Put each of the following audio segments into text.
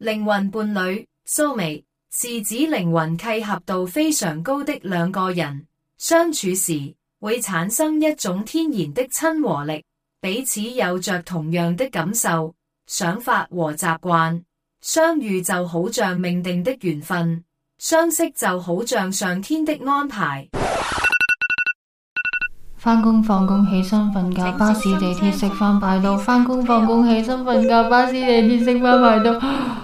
靈魂伴侶蘇眉是指靈魂契合度非常高的兩個人，相處時會產生一種天然的親和力，彼此有着同樣的感受、想法和習慣。相遇就好像命定的緣分，相識就好像上天的安排。翻工放工，起身瞓覺，巴士地鐵，食飯排隊，翻工放工，起身瞓覺，巴士地鐵，食飯排隊。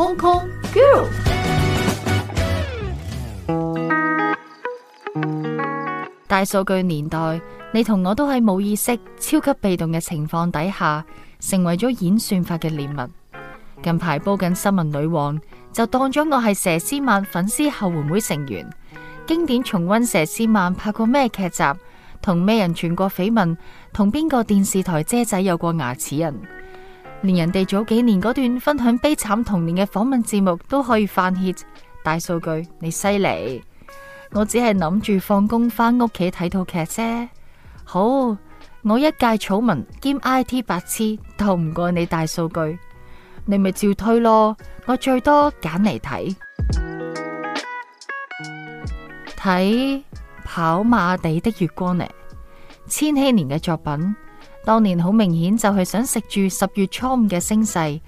Hong Kong girl，大數據年代，你同我都係冇意識、超級被動嘅情況底下，成為咗演算法嘅獵物。近排煲緊新聞女王，就當咗我係佘詩曼粉絲後援會成員。經典重溫佘詩曼拍過咩劇集，同咩人傳過緋聞，同邊個電視台姐仔有過牙齒人。連人哋早幾年嗰段分享悲慘童年嘅訪問節目都可以翻 h 大數據你犀利。我只係諗住放工翻屋企睇套劇啫。好，我一介草民兼 IT 白痴，鬥唔過你大數據，你咪照推咯。我最多揀嚟睇，睇跑馬地的月光呢，千禧年嘅作品。當年好明顯就係想食住十月初五嘅聲勢，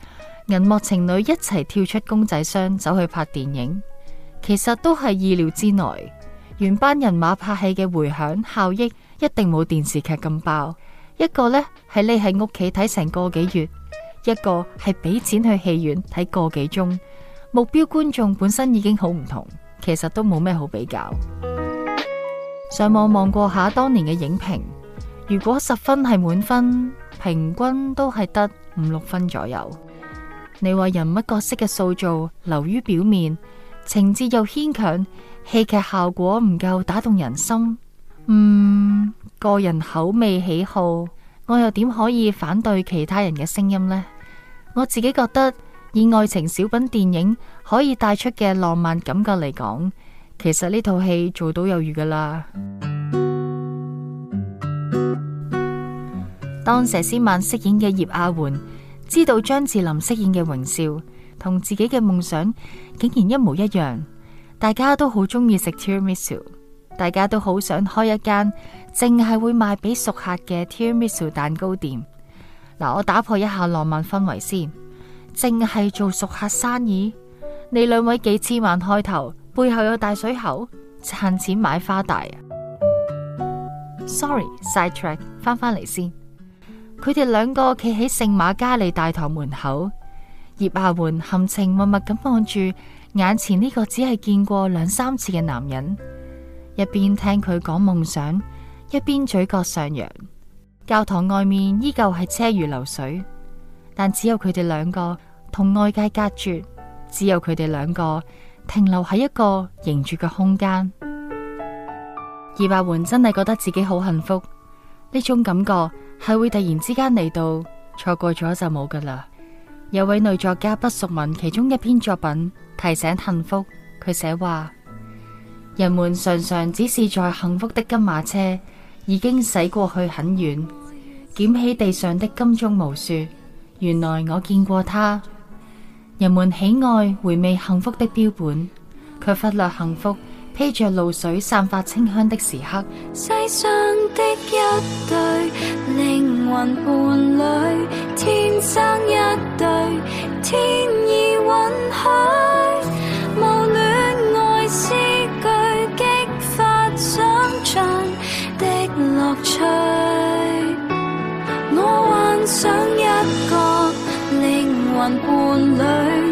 銀幕情侶一齊跳出公仔箱走去拍電影，其實都係意料之內。原班人馬拍戲嘅回響效益一定冇電視劇咁爆。一個呢係匿喺屋企睇成個幾月，一個係俾錢去戲院睇個幾鐘，目標觀眾本身已經好唔同，其實都冇咩好比較。上網望過下當年嘅影評。如果十分係滿分，平均都係得五六分左右。你話人物角色嘅塑造流於表面，情節又牽強，戲劇效果唔夠打動人心。嗯，個人口味喜好，我又點可以反對其他人嘅聲音呢？我自己覺得，以愛情小品電影可以帶出嘅浪漫感覺嚟講，其實呢套戲做到有餘噶啦。當佘詩曼飾演嘅葉阿媛知道張智霖飾演嘅榮少同自己嘅夢想竟然一模一樣，大家都好中意食 Tiramisu，大家都好想開一間淨係會賣俾熟客嘅 Tiramisu 蛋糕店。嗱，我打破一下浪漫氛圍先，淨係做熟客生意，你兩位幾千萬開頭，背後有大水喉，賺錢買花大啊，Sorry，side track，翻翻嚟先。佢哋兩個企喺聖瑪加利大堂門口，葉阿媛含情脈脈咁望住眼前呢個只係見過兩三次嘅男人，一邊聽佢講夢想，一邊嘴角上揚。教堂外面依舊係車如流水，但只有佢哋兩個同外界隔絕，只有佢哋兩個停留喺一個凝住嘅空間。葉阿媛真係覺得自己好幸福，呢種感覺。係會突然之間嚟到，錯過咗就冇噶啦。有位女作家畢淑敏其中一篇作品提醒幸福，佢寫話：人們常常只是在幸福的金馬車已經駛過去很遠，撿起地上的金鐘無數，原來我見過他。人們喜愛回味幸福的標本，卻忽略幸福。披着露水、散發清香的時刻，世上的一對靈魂伴侶，天生一對。天意允許，冇戀愛詩句激發想象的樂趣。我幻想一個靈魂伴侶。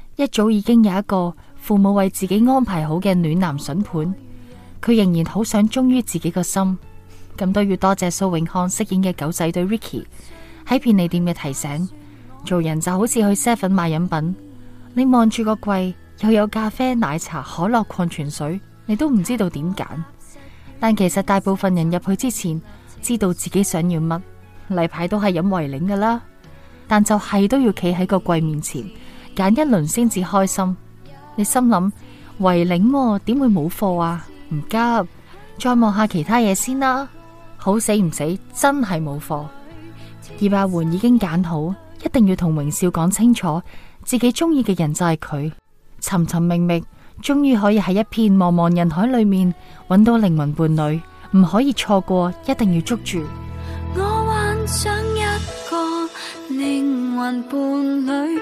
一早已經有一個父母為自己安排好嘅暖男筍盤，佢仍然好想忠於自己個心，咁都要多謝蘇永康飾演嘅狗仔隊 Ricky 喺便利店嘅提醒，做人就好似去 Seven 買飲品，你望住個櫃又有咖啡、奶茶、可樂、礦泉水，你都唔知道點揀，但其實大部分人入去之前知道自己想要乜，例牌都係飲維領㗎啦，但就係都要企喺個櫃面前。揀一輪先至開心，你心諗維領喎，點會冇貨啊？唔急，再望下其他嘢先啦。好死唔死，真係冇貨。葉阿媛已經揀好，一定要同榮少講清楚，自己中意嘅人就係佢。尋尋覓覓，終於可以喺一片茫茫人海裏面揾到靈魂伴侶，唔可以錯過，一定要捉住。我幻想一個靈魂伴侶。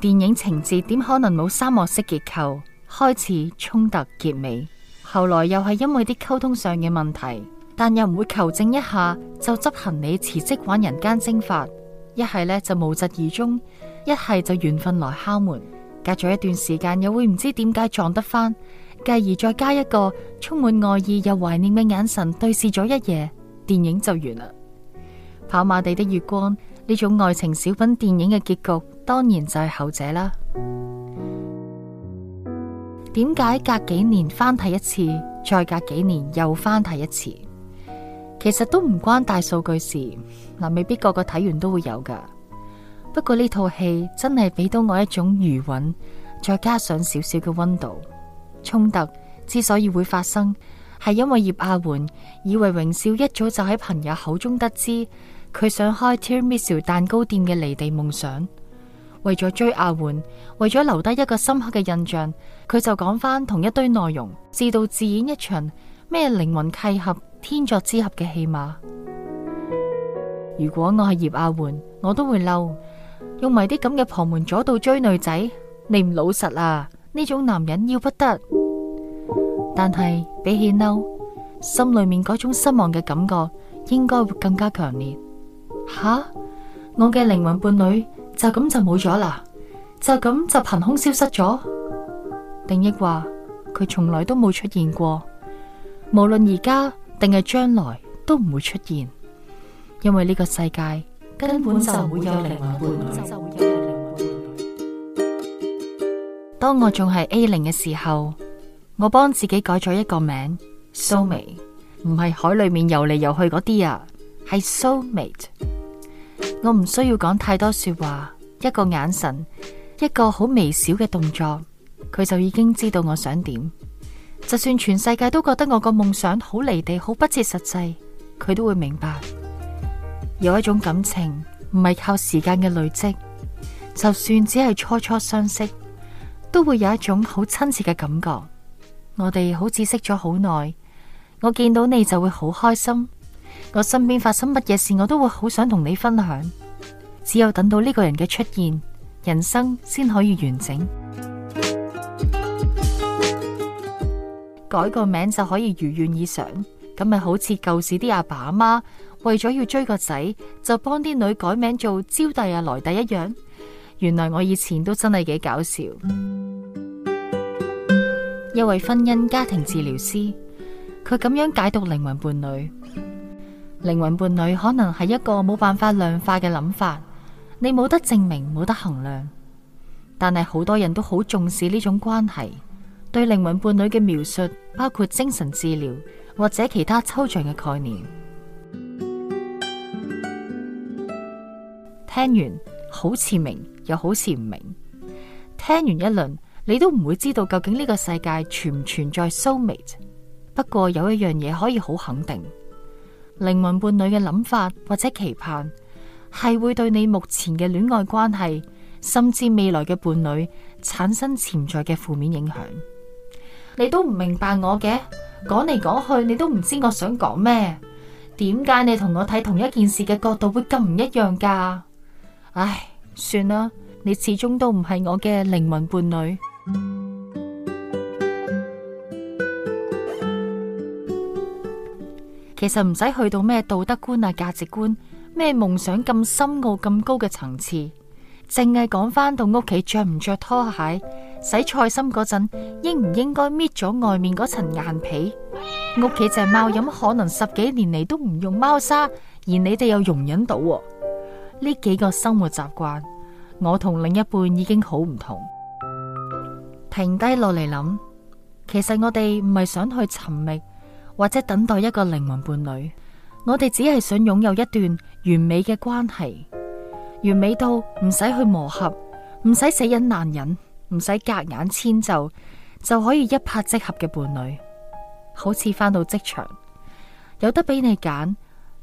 電影情節點可能冇三幕式結構？開始、衝突、結尾，後來又係因為啲溝通上嘅問題，但又唔會求證一下就執行你辭職玩人間蒸發，一係呢，就無疾而終，一係就緣分來敲門，隔咗一段時間又會唔知點解撞得返，繼而再加一個充滿愛意又懷念嘅眼神對視咗一夜，電影就完啦。跑馬地的月光呢種愛情小品電影嘅結局。當然就係後者啦。點解隔幾年翻睇一次，再隔幾年又翻睇一次？其實都唔關大數據事嗱，未必個個睇完都會有噶。不過呢套戲真係俾到我一種餘韻，再加上少少嘅溫度。衝突之所以會發生，係因為葉阿媛以為榮少一早就喺朋友口中得知佢想開 Tiramisu 蛋糕店嘅離地夢想。為咗追阿媛，為咗留低一個深刻嘅印象，佢就講返同一堆內容，自導自演一場咩靈魂契合、天作之合嘅戲碼。如果我係葉阿媛，我都會嬲，用埋啲咁嘅旁門左道追女仔，你唔老實啊！呢種男人要不得。但係比起嬲，心裏面嗰種失望嘅感覺應該會更加強烈。吓，我嘅靈魂伴侶？就咁就冇咗啦，就咁就憑空消失咗。定益話佢從來都冇出現過，無論而家定係將來都唔會出現，因為呢個世界根本就沒有靈魂伴侶。當我仲係 A 零嘅時候，我幫自己改咗一個名，蘇媚，唔係海裏面游嚟游去嗰啲啊，係蘇媚。我唔需要講太多說話，一個眼神，一個好微小嘅動作，佢就已經知道我想點。就算全世界都覺得我個夢想好離地、好不切實際，佢都會明白。有一種感情唔係靠時間嘅累積，就算只係初初相識，都會有一種好親切嘅感覺。我哋好似識咗好耐，我見到你就會好開心。我身邊發生乜嘢事，我都會好想同你分享。只有等到呢個人嘅出現，人生先可以完整。 改個名就可以如願以償，咁咪好似舊時啲阿爸阿媽為咗要追個仔，就幫啲女改名做招弟啊來弟一樣。原來我以前都真係幾搞笑。 一位婚姻家庭治療師，佢咁樣解讀靈魂伴侶。靈魂伴侶可能係一個冇辦法量化嘅諗法，你冇得證明，冇得衡量。但係好多人都好重視呢種關係，對靈魂伴侶嘅描述，包括精神治療或者其他抽象嘅概念。聽完好似明，又好似唔明。聽完一輪，你都唔會知道究竟呢個世界存唔存在 Soulmate。不過有一樣嘢可以好肯定。靈魂伴侶嘅諗法或者期盼，係會對你目前嘅戀愛關係，甚至未來嘅伴侶產生潛在嘅負面影響。你都唔明白我嘅，講嚟講去，你都唔知我想講咩。點解你同我睇同一件事嘅角度會咁唔一樣噶？唉，算啦，你始終都唔係我嘅靈魂伴侶。其實唔使去到咩道德觀啊、價值觀、咩夢想咁深奧、咁高嘅層次，淨係講翻到屋企着唔着拖鞋，洗菜心嗰陣應唔應該搣咗外面嗰層硬皮？屋企隻貓飲可能十幾年嚟都唔用貓砂，而你哋又容忍到。呢幾個生活習慣，我同另一半已經好唔同。停低落嚟諗，其實我哋唔係想去尋覓。或者等待一個靈魂伴侶，我哋只係想擁有一段完美嘅關係，完美到唔使去磨合，唔使死忍難忍，唔使隔硬遷就，就可以一拍即合嘅伴侶。好似翻到職場，有得俾你揀，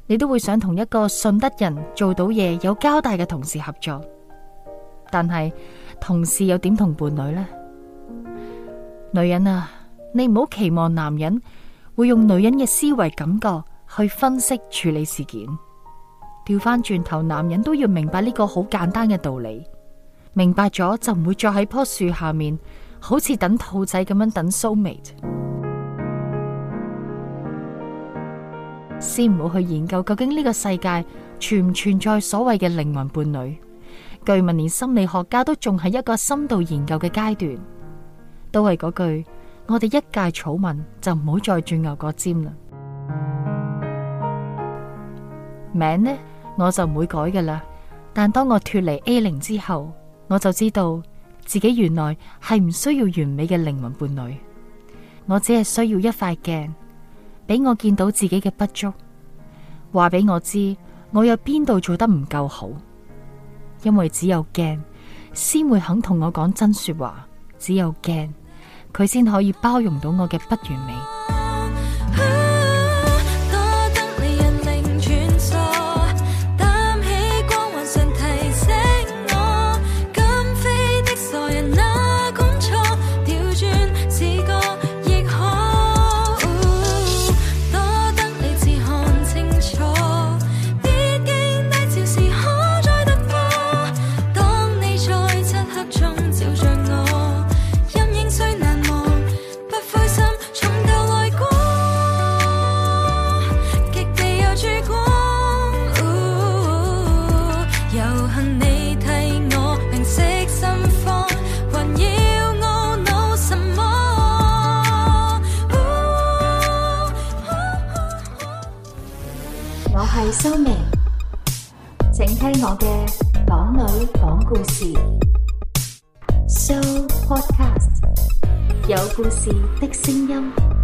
你都會想同一個信得人、做到嘢、有交代嘅同事合作。但係同事又點同伴侶呢？女人啊，你唔好期望男人，會用女人嘅思維感覺去分析處理事件。調翻轉頭，男人都要明白呢個好簡單嘅道理。明白咗就唔會再喺棵樹下面，好似等兔仔咁樣等 soulmate。 先唔好去研究究竟呢個世界存唔存在所謂嘅靈魂伴侶。據聞連心理學家都仲喺一個深度研究嘅階段，都係嗰句。我哋一介草民就唔好再鑽牛角尖啦。名呢我就唔會改嘅啦。但當我脫離 A 零之後，我就知道自己原來係唔需要完美嘅靈魂伴侶。我只係需要一塊鏡，俾我見到自己嘅不足，話俾我知我有邊度做得唔夠好。因為只有鏡先會肯同我講真說話，只有鏡。佢先可以包容到我嘅不完美。我嘅港女講故事，Show Podcast 有故事的聲音。